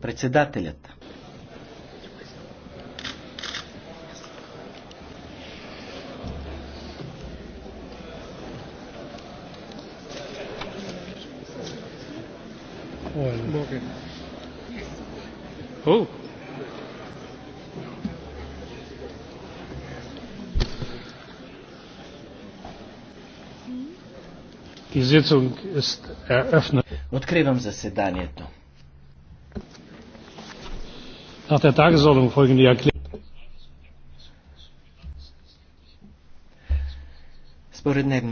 Председателят. Morgen. Die Sitzung ist eröffnet. Откривам заседанието. Nach der Tagesordnung folgen die Erklärungen.